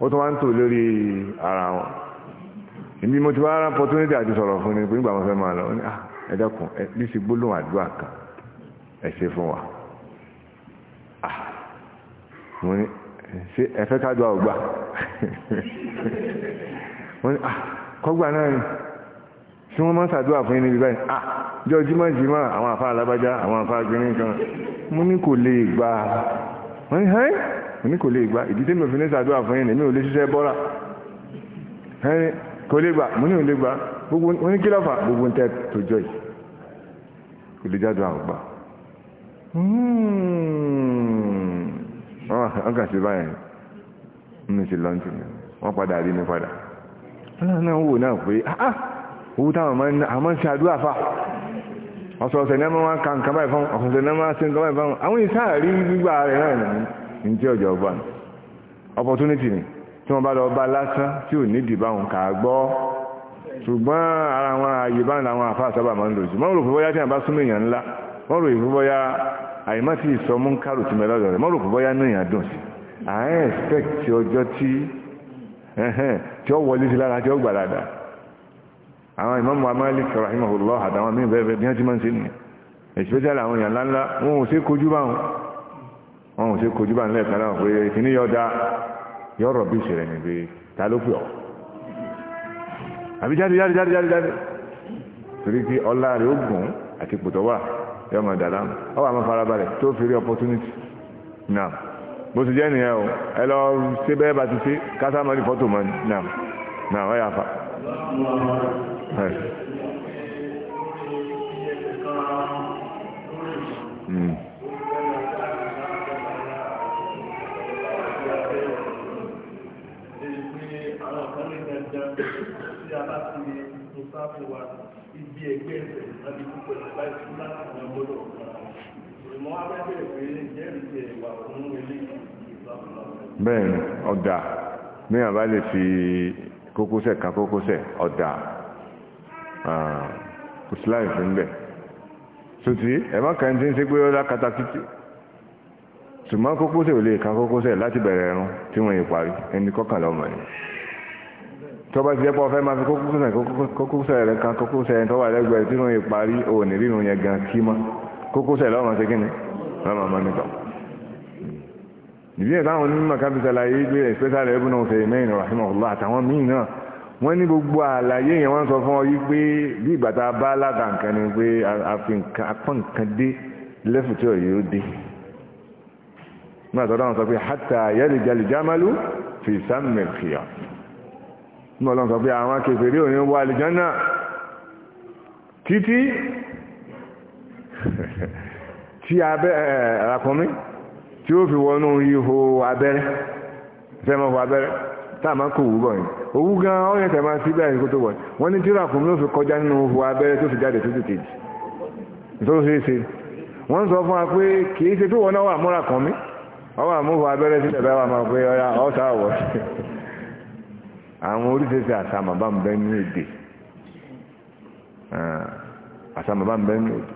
ó tún wá ń tò lórí ara wọn ìbí mo ti wá rán opportunity àti sọ̀rọ̀ fún ni pé nígbà wọn fẹ́ máa lọ ní ah, ẹ̀dẹ́kùn lísì gbólóhùn àdúrà kan ẹ ṣe fún wa ah, mo ní ṣe ẹ̀fẹ́ ká dùn àwògbà mo ní ah, kọ́gbà náà ni tí wọ́n máa ń ṣàdúrà fún yín níbi báyìí ah jọ jímọ̀ jímọ̀ àwọn àfa alábájá àwọn àfa gbìnrin kan mo ní kò lè gbà wọ́n ní èmi kò lè gbà ìdí tí mi ò fi ní sàdúrà fún yín èmi ò lè ṣiṣẹ́ bọ́ra ẹni kò lè gbà mo ní ò lè gbà gbogbo oníkílọ́fà gbogbo tẹ tó jọ yìí kò lè jáde àwọn gbà hmm. wọ́n kà sí báyìí ní ti lọ́ntì mi wọ́n padà rí mi padà wọ́n náà wò náà pé ah, ah owó táwọn máa ń ṣe àdúrà fà ọ̀sọ̀ọ̀sẹ̀ náà máa ń ka nǹkan báyìí fáwọn ọ̀sọ̀ọ̀sẹ̀ náà máa ń ṣe nǹkan báyìí fáwọn àwọn ìsáà rí gbígbà rẹ̀ náà nìyí ní tí ọjọ́ bá ní opportunity ni tí wọ́n bá lọ bá lásán tí ò ní dìbà kà gbọ́ ṣùgbọ́n ara wọn ààyè bá ní àwọn àfáà sábà máa ń lò mọ́rò fúbọ́yá tí a bá súnmọ́ èèyàn ńlá mọ́rò ìfúbọ́yá àìmọ́ tí kárò tí rẹ̀ mọ́rò fúbọ́yá dùn sí I expect ọjọ́ tí tí ó wọlé sí lára tí ó gbàdàdà àwọn àtàwọn míì bẹ́ẹ̀ bẹ́ẹ̀ bí wọ́n ti máa ń nìyẹn wọn ò ṣe kojú bá nílẹ̀ kan náà pé kìíní yọ da yọ rọ̀ bí ìṣẹ̀lẹ̀ ni pé ta ló pè ọ́ àbí jáde jáde jáde jáde jáde torí pé ọlá rẹ̀ ó gùn àti pòtọ́ wà yọ ọmọ dàdá ọ wà máa farabalẹ̀ tó fi rí opportunity náà bó ti jẹ́ nìyẹn o ẹ lọ ṣe bẹ́ẹ̀ bá ti ṣe kásá fọ́tò mọ́ náà náà ọ yà fa. tí a bá ti tó sáàpù wa ibi ẹgbẹ́ ẹ̀sẹ̀ láti púpọ̀ ìjọba ìṣúná àwọn ọgbọ́dọ̀ ìmọ̀ abẹ́bẹ̀rẹ̀ pé jẹ́rìí ti ẹ̀wà fún ilé bẹ́ẹ̀ ni ọ̀dà mìíràn bá lè fi kókósẹ̀ kan kókósẹ̀ ọ̀dà kò sí láì fún bẹ́ẹ̀ sòtì ẹ̀mọ́ kan ti ń ṣe pé ọ̀dà katakítì ṣùgbọ́n kókósẹ̀ ò lè kan kókósẹ̀ láti bẹ̀rẹ̀ ẹ̀rùn tí wọ́n yìí parí ẹni kọ́kànlá ọmọ yìí tó bá ti jẹ́ pé ọ̀fẹ́ máa fi kókósẹ̀ rẹ̀ kan kókósẹ̀ tó wà lẹ́gbẹ̀ẹ́ tí wọ́n yẹ parí òní rírun yẹn gan kí mọ́ kókósẹ̀ lọ́rùn ṣe kí ni lọ́rùn ọmọ nípa. ìdí ẹ̀ táwọn onímọ̀ kápítà láyé gbé especially ibn Uthaymeen rahimahullah àtàwọn míì náà wọ́n ní gbogbo àlàyé yẹn wọ́n sọ fún ọ yí pé bí ìgbà tá a bá lága nǹkan ni pé apá nǹkan dé lẹ́fù tí òye ó dé. nígbà tó dáhùn sọ pé hatta yalija al ní ọlọ́run sọ pé àwọn kèfèrí òní wà àlìjánà títí tí abẹ́ ẹ̀ràkọ́mí tí ó fi wọnú ihò abẹ́rẹ́ fẹ́mọ́ fọ abẹ́rẹ́ táàmà kò wú bọ̀ yìí owú gan ọ́yẹ̀ tẹ̀mà síbẹ̀ àyíkó tó wọ̀ wọ́n ní tíràkùnmí ó fi kọjá nínú ihò abẹ́rẹ́ tó fi jáde tó ti tèjì tó ṣe é ṣe wọ́n sọ fún wa pé kìí ṣe tó wọ́n náà wà múra kàn mí ọwọ́ àmúhù abẹ́rẹ́ sílẹ̀ bá wà máa pé ọ̀sà àwọ̀ àwọn oríṣiríṣi àsàmà bá ń bẹ nínú èdè ah, àsàmà bá ń bẹ nínú èdè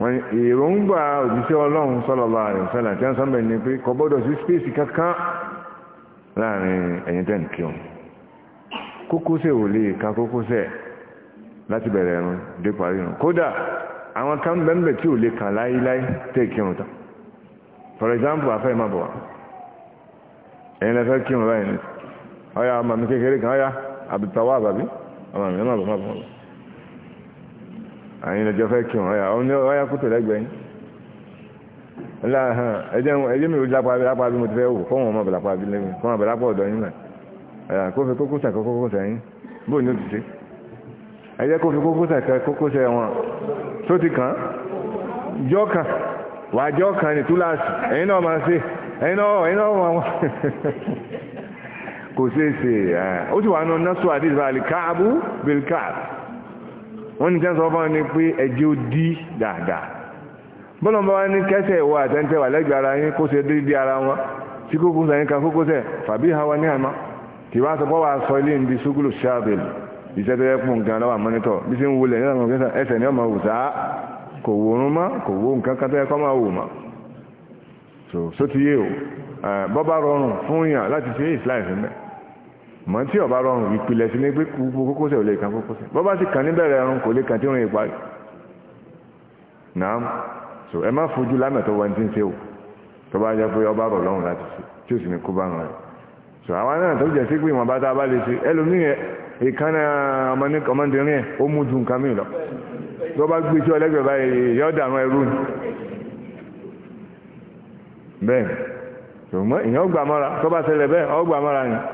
wọ́n èròǹgbà òjíṣẹ́ ọlọ́run sallallahu alaihi wasallam tí wọ́n sọ́mọ̀ ní pé kò gbọ́dọ̀ sí spéèsì kankan láàrin ẹ̀yìn tẹ́ nìkíun kókósẹ̀ ò lè ka kókósẹ̀ láti bẹ̀rẹ̀ ẹ̀rùn dé parí rùn kódà àwọn kan bẹ́ẹ̀ tí ò lè kàn láíláí tẹ́ kírun tán for example afẹ́ ìmọ̀ bọ̀ wá ẹ̀yin lẹ́fẹ́ báyìí ọ̀yà ọmọ mi kékeré kan ọ̀yà àbùtàwà àbàbí ọmọ mi ọmọ bàbá bàbá àyìn lẹ́jọ́ fẹ́ kí wọn ọ̀yà ọ̀yà kútó lẹ́gbẹ̀ẹ́ yín láhàn ẹjẹ́ mi ò lápá bí lápá bí mo ti fẹ́ wò fọ́wọ́n ọmọ bàlápá bí lẹ́gbẹ̀ẹ́ fọ́wọ́n bàlápá ọ̀dọ̀ yín náà ọ̀yà kó fi kókó sàkókó kó sẹ́yìn bóò ní ó ti ṣe ẹjẹ́ kó fi kókó sàkókó sẹ́ wọn tó ti kàn jọ́ kan wàá jọ́ kan ní túláàsì ẹ̀yin náà máa ṣe ẹ̀yin náà ẹ̀yin náà máa wọ́n. kò sí èsè ó ti wà nù nọ́sù àdìsí bá alìkáàbù bilkáàbù wọ́n ní tẹ́sán fún ni pé ẹjẹ́ ó dí dáadáa bọ́lọ̀mọ́ wá ní kẹsẹ̀ ìwọ àtẹ́ntẹ́ wà lẹ́gbẹ̀ẹ́ ara yín kó ṣe déédéé ara wọn tí kókó sẹ́yìn kan kókó sẹ́ fàbí hawa ní àná kì wá sọ pọ́wà sọ ilé ìdí ṣúgùlù ṣáàbìl iṣẹ́ tó yẹ kún gan lọ́wọ́ mọ́nítọ̀ bí ṣe ń wulẹ̀ nígbà ẹsẹ̀ ni ọmọ wù sáà kò wòrún mọ́ kò wó nǹkan kan tó yẹ mọ̀ tí ọba rọrùn ìpìlẹ̀ sí ní pé kúkú kókósẹ̀ ò lè kan kókósẹ̀ bọ́ bá ti kàn níbẹ̀rẹ̀ ẹ̀rùn kò lè kàn tí òun ìparí náà so ẹ má fojú lámẹ̀ tó wọ́n ti ń ṣe o tó bá jẹ́ pé ọba rọ̀ lọ́rùn láti ṣe tí ó sì ní kó bá rẹ̀ so àwọn náà tó jẹ́ sí pé ìwọ̀nba tá a bá lè ṣe ẹlòmíì ìkànnà ọmọdérin ẹ̀ ó mú ju nǹkan mìíràn tó bá gbé sí ọlẹ́gbẹ̀ẹ́ báyìí yọ dànù ẹrú ni bẹ́ẹ̀ ṣùgbọ́n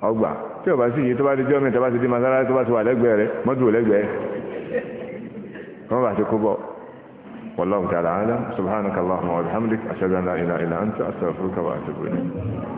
ọgbà tí ọba sí iye tó bá di jọ́ mi tó bá ti di masára tó bá ti wà lẹ́gbẹ̀ẹ́ rẹ mọ́tò lẹ́gbẹ̀ẹ́ wọ́n bá ti kó bọ̀ wallahu ta'ala alam subhanakallahumma wa